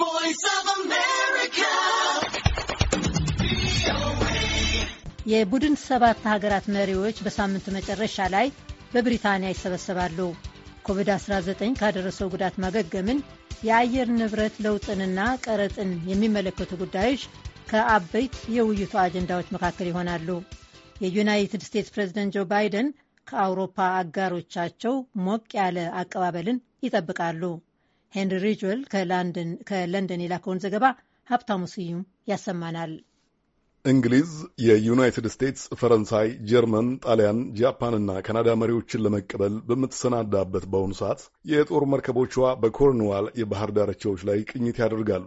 voice የቡድን ሰባት ሀገራት መሪዎች በሳምንቱ መጨረሻ ላይ በብሪታንያ ይሰበሰባሉ። ኮቪድ-19 ካደረሰው ጉዳት ማገገምን፣ የአየር ንብረት ለውጥንና ቀረጥን የሚመለከቱ ጉዳዮች ከአበይት የውይይቱ አጀንዳዎች መካከል ይሆናሉ። የዩናይትድ ስቴትስ ፕሬዝደንት ጆ ባይደን ከአውሮፓ አጋሮቻቸው ሞቅ ያለ አቀባበልን ይጠብቃሉ። ሄንሪ ሪጅዌል ከለንደን የላከውን ዘገባ ሀብታሙ ስዩም ያሰማናል። እንግሊዝ የዩናይትድ ስቴትስ፣ ፈረንሳይ፣ ጀርመን፣ ጣሊያን፣ ጃፓንና ካናዳ መሪዎችን ለመቀበል በምትሰናዳበት በአሁኑ ሰዓት የጦር መርከቦቿ በኮርንዋል የባህር ዳርቻዎች ላይ ቅኝት ያደርጋሉ።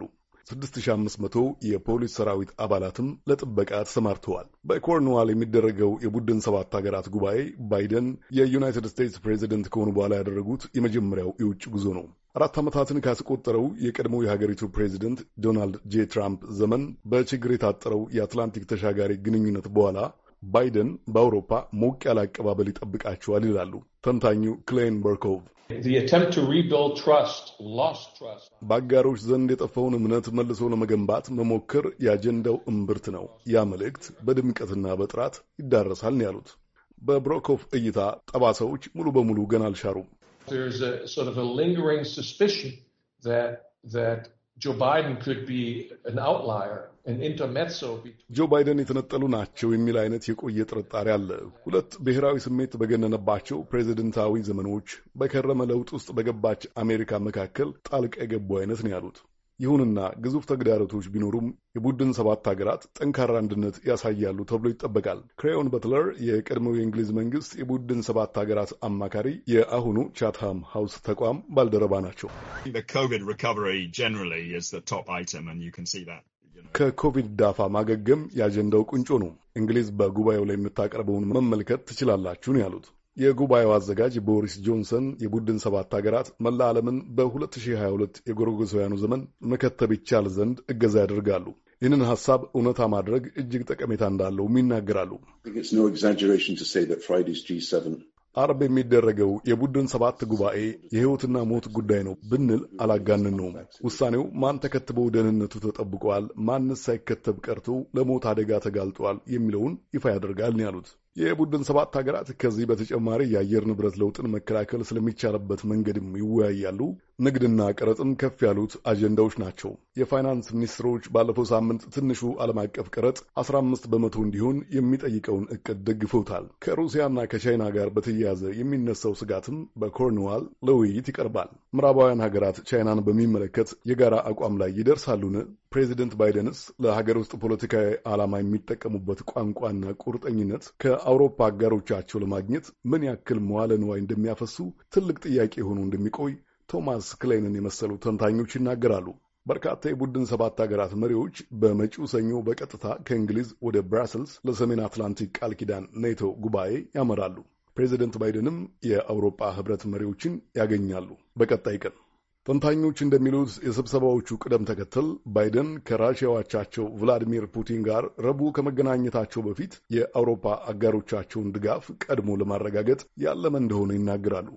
6500 የፖሊስ ሰራዊት አባላትም ለጥበቃ ተሰማርተዋል። በኮርንዋል የሚደረገው የቡድን ሰባት ሀገራት ጉባኤ ባይደን የዩናይትድ ስቴትስ ፕሬዚደንት ከሆኑ በኋላ ያደረጉት የመጀመሪያው የውጭ ጉዞ ነው። አራት ዓመታትን ካስቆጠረው የቀድሞ የሀገሪቱ ፕሬዚደንት ዶናልድ ጄ ትራምፕ ዘመን በችግር የታጠረው የአትላንቲክ ተሻጋሪ ግንኙነት በኋላ ባይደን በአውሮፓ ሞቅ ያለ አቀባበል ይጠብቃቸዋል ይላሉ ተንታኙ ክሌን በርኮቭ። በአጋሮች ዘንድ የጠፋውን እምነት መልሶ ለመገንባት መሞከር የአጀንዳው እምብርት ነው። ያ መልእክት በድምቀትና በጥራት ይዳረሳል ነው ያሉት። በብሮኮፍ እይታ ጠባሳዎች ሙሉ በሙሉ ገና አልሻሩም። ጆ ባይደን ጆ ባይደን የተነጠሉ ናቸው የሚል አይነት የቆየ ጥርጣሬ አለ። ሁለት ብሔራዊ ስሜት በገነነባቸው ፕሬዚደንታዊ ዘመኖች በከረመ ለውጥ ውስጥ በገባች አሜሪካ መካከል ጣልቃ የገቡ አይነት ነው ያሉት። ይሁንና ግዙፍ ተግዳሮቶች ቢኖሩም የቡድን ሰባት ሀገራት ጠንካራ አንድነት ያሳያሉ ተብሎ ይጠበቃል። ክሬዮን በትለር የቀድሞው የእንግሊዝ መንግስት የቡድን ሰባት ሀገራት አማካሪ፣ የአሁኑ ቻትሃም ሀውስ ተቋም ባልደረባ ናቸው። ከኮቪድ ዳፋ ማገገም የአጀንዳው ቁንጮ ነው። እንግሊዝ በጉባኤው ላይ የምታቀርበውን መመልከት ትችላላችሁ ነው ያሉት የጉባኤው አዘጋጅ ቦሪስ ጆንሰን። የቡድን ሰባት ሀገራት መላ ዓለምን በ2022 የጎረጎሰውያኑ ዘመን መከተብ ይቻል ዘንድ እገዛ ያደርጋሉ። ይህንን ሀሳብ እውነታ ማድረግ እጅግ ጠቀሜታ እንዳለውም ይናገራሉ። አርብ የሚደረገው የቡድን ሰባት ጉባኤ የህይወትና ሞት ጉዳይ ነው ብንል አላጋንን ነውም። ውሳኔው ማን ተከትበው ደህንነቱ ተጠብቋል፣ ማንስ ሳይከተብ ቀርቶ ለሞት አደጋ ተጋልጧል የሚለውን ይፋ ያደርጋል ያሉት። የቡድን ሰባት ሀገራት ከዚህ በተጨማሪ የአየር ንብረት ለውጥን መከላከል ስለሚቻልበት መንገድም ይወያያሉ። ንግድና ቀረጥም ከፍ ያሉት አጀንዳዎች ናቸው። የፋይናንስ ሚኒስትሮች ባለፈው ሳምንት ትንሹ ዓለም አቀፍ ቀረጥ 15 በመቶ እንዲሆን የሚጠይቀውን እቅድ ደግፈውታል። ከሩሲያና ከቻይና ጋር በተያያዘ የሚነሳው ስጋትም በኮርንዋል ለውይይት ይቀርባል። ምዕራባውያን ሀገራት ቻይናን በሚመለከት የጋራ አቋም ላይ ይደርሳሉን? ፕሬዚደንት ባይደንስ ለሀገር ውስጥ ፖለቲካዊ ዓላማ የሚጠቀሙበት ቋንቋና ቁርጠኝነት ከአውሮፓ አጋሮቻቸው ለማግኘት ምን ያክል መዋለ ንዋይ እንደሚያፈሱ ትልቅ ጥያቄ ሆኖ እንደሚቆይ ቶማስ ክሌንን የመሰሉ ተንታኞች ይናገራሉ። በርካታ የቡድን ሰባት ሀገራት መሪዎች በመጪው ሰኞ በቀጥታ ከእንግሊዝ ወደ ብራስልስ ለሰሜን አትላንቲክ ቃል ኪዳን ኔቶ ጉባኤ ያመራሉ። ፕሬዚደንት ባይደንም የአውሮፓ ህብረት መሪዎችን ያገኛሉ በቀጣይ ቀን። ተንታኞች እንደሚሉት የስብሰባዎቹ ቅደም ተከተል ባይደን ከራሽያው ቭላዲሚር ፑቲን ጋር ረቡዕ ከመገናኘታቸው በፊት የአውሮፓ አጋሮቻቸውን ድጋፍ ቀድሞ ለማረጋገጥ ያለመ እንደሆነ ይናገራሉ።